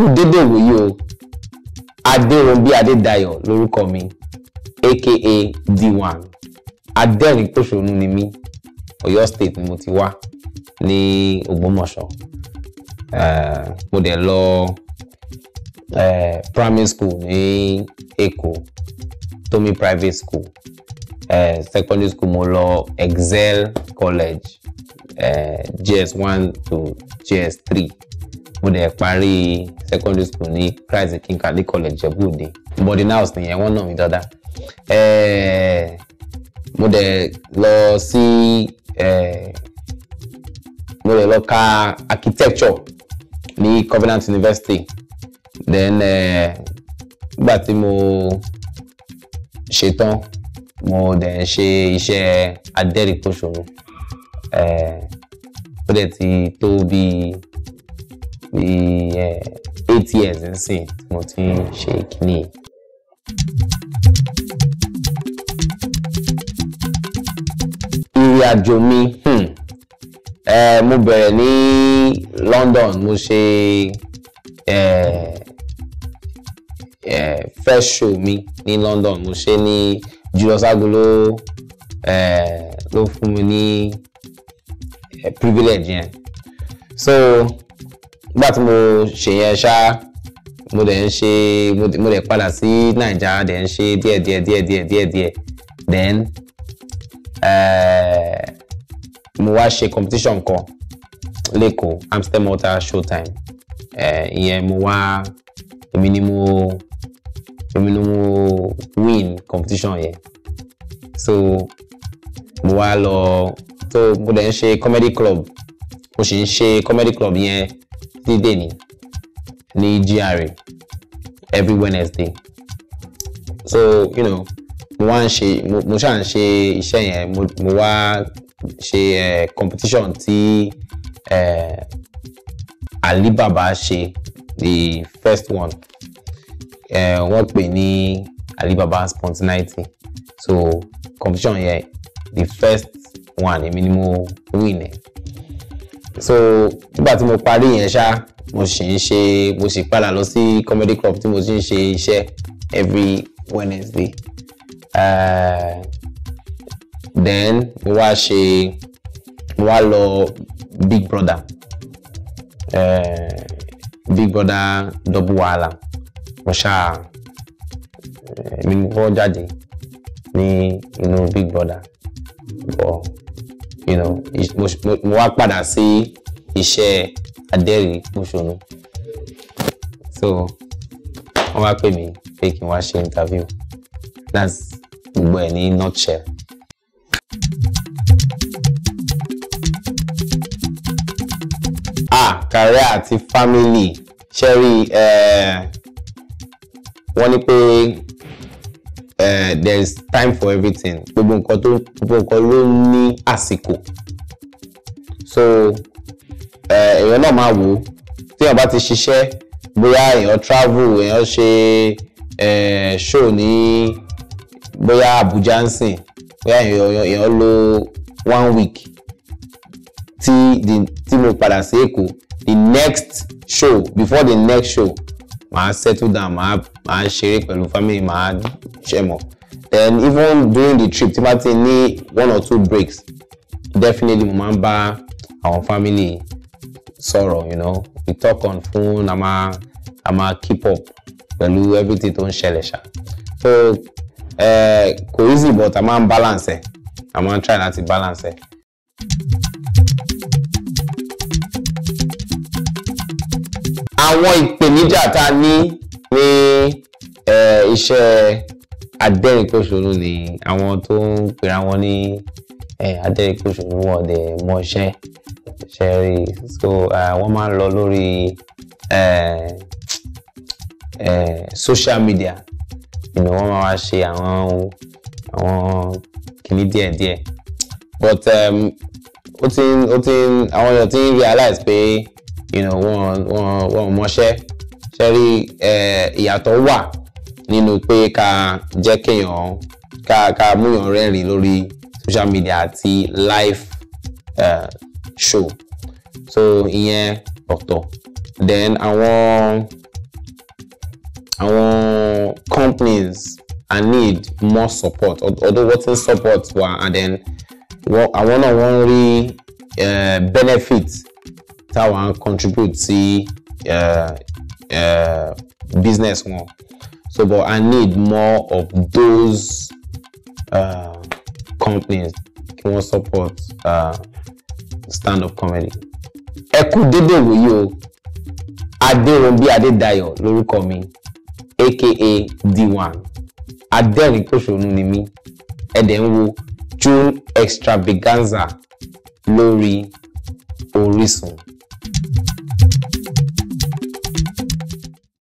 kú dédé ìwòyí o adéròbí adédayọ̀ lórúkọ mi aka d1 adẹ́rìn pòṣónú ni mí Ọ̀yọ́ state ni mo ti wá ní Ògbómọ̀ṣọ́ eh, mo dẹ̀ lọ eh, primary school ní Èkó Tomi private school uh, secondary school mo lọ Excel college Eh, gs one to gs three mo dẹ̀ parí secondary school ní Christ the King Kali College Jẹ̀bú-Òde boarding house nìyẹn wọ́n nà mí dáadáa eh, mo dẹ̀ lọ sí eh, mo dẹ̀ lọ ka architecture ní Covenant University then nígbà tí mo ṣetán mo dẹ̀ ṣe iṣẹ́ adẹ́rìpòṣónú ó dẹ̀ ti tó bíi bíi eight years nsìn tí shake me. ń ṣe kínní yìí. ìrìn àjò mi hmm, mo bẹ̀rẹ̀ ní London mo ṣe first show me ní London mo ṣe ní Julius Agolo ló fún mi privilege yẹn so nígbà tí mo ṣe yẹn ṣá mo dẹ̀ ń ṣe mo dẹ̀ padà sí Naija dẹ̀ ń ṣe díẹ̀ díẹ̀ díẹ̀ díẹ̀ díẹ̀ díẹ̀ then eh, mo wá ṣe competition kan lẹ́kọ̀ọ́ Amsterdam Water Showtime eh, ìyẹn mo wá èmi ni mo èmi ni mo win competition yẹn so mo wá lọ tó mo dẹ̀ ń ṣe comedy club mo sì ń ṣe comedy club yẹn dídè ní ní GRA every Wednesday so you know mo wá ń ṣe mo ṣáà ń ṣe iṣẹ́ yẹn mo wá ṣe competition tí Alibaba ṣe the first one wọ́n pè ní Alibaba spontaneity so competition yẹn the first one èmi ni mo win so nígbà tí mo parí yẹn ṣá mo sì ń ṣe mo sì padà lọ sí comedy club tí mo ti ń ṣe iṣẹ́ every Wednesday uh, then mo wá ṣe mo wá lọ Big Brother uh, Big Brother double wahala mo ṣáà èmi eh, ni mo kọ́ jáde ní inú Big Brother But you know mo wá padà sí iṣẹ́ adẹ́rìí mọ́ṣọ́nù so wọ́n wá pè mí pé kí n wá ṣe interview that's gbogbo ẹ̀ ní nutshell. ah career àti family ṣẹ́rí eh, wọ́n ní pé uh, eh, there is time for everything gbogbo nǹkan tó gbogbo nǹkan ló ní àsìkò so eh, èèyàn náà máa wò ó tí èèyàn bá ti ṣiṣẹ́ bóyá èèyàn travel èèyàn ṣe eh, show ní bóyá Abuja ń sìn bóyá èèyàn lò one week tí tí mo padà sí Èkó the next show before the next show màá settle down màá màá ṣeré pẹ̀lú family màá ṣẹ̀mọ̀ then even during the trip tí bá ti ní one or two breaks definitely mo máa ń bá àwọn family sọ̀rọ̀ you know we talk on phone a máa a máa keep up pẹ̀lú everything tó ń ṣẹlẹ̀ ṣá so eh, kò easy but a máa balance ẹ̀ a máa try láti balance ẹ̀. àwọn ìpèníjà tá a ní ní iṣẹ́ adẹ́rìnpòṣónú ni àwọn tó ń pera wọn ní adẹ́rìnpòṣónú wọn dẹ̀ mọṣẹ́ ṣe rí so wọ́n máa ń lọ lórí social media you know, wọ́n máa wá ṣe àwọn àwọn kìíní díẹ̀díẹ̀ but ó ti ń àwọn èèyàn ti ń realize pé wọn wọn mọṣẹ́ ṣẹ́rí ìyàtọ̀ wà nínú pé ká jẹ́ kéèyàn ká ká múyàn rẹ́rìn lórí social media àti live uh, show so ìyẹn ọ̀tọ̀ then àwọn àwọn companies i need more support although wọ́n ti support wa and then àwọn náà wọ́n ń rí benefit táwọn contribute sí uh, uh, business wọn so but I need more of those uh, companies kí wọ́n support uh, stand-up comedy. ẹ kú dédé ìwòyí o adéwọ̀nbí adédayọ̀ lórúkọ mi aka d1 adẹ́rìn pòṣónú ni mí ẹ̀dẹ̀ ń wo June extravaganza lórí Orísun. Thank you.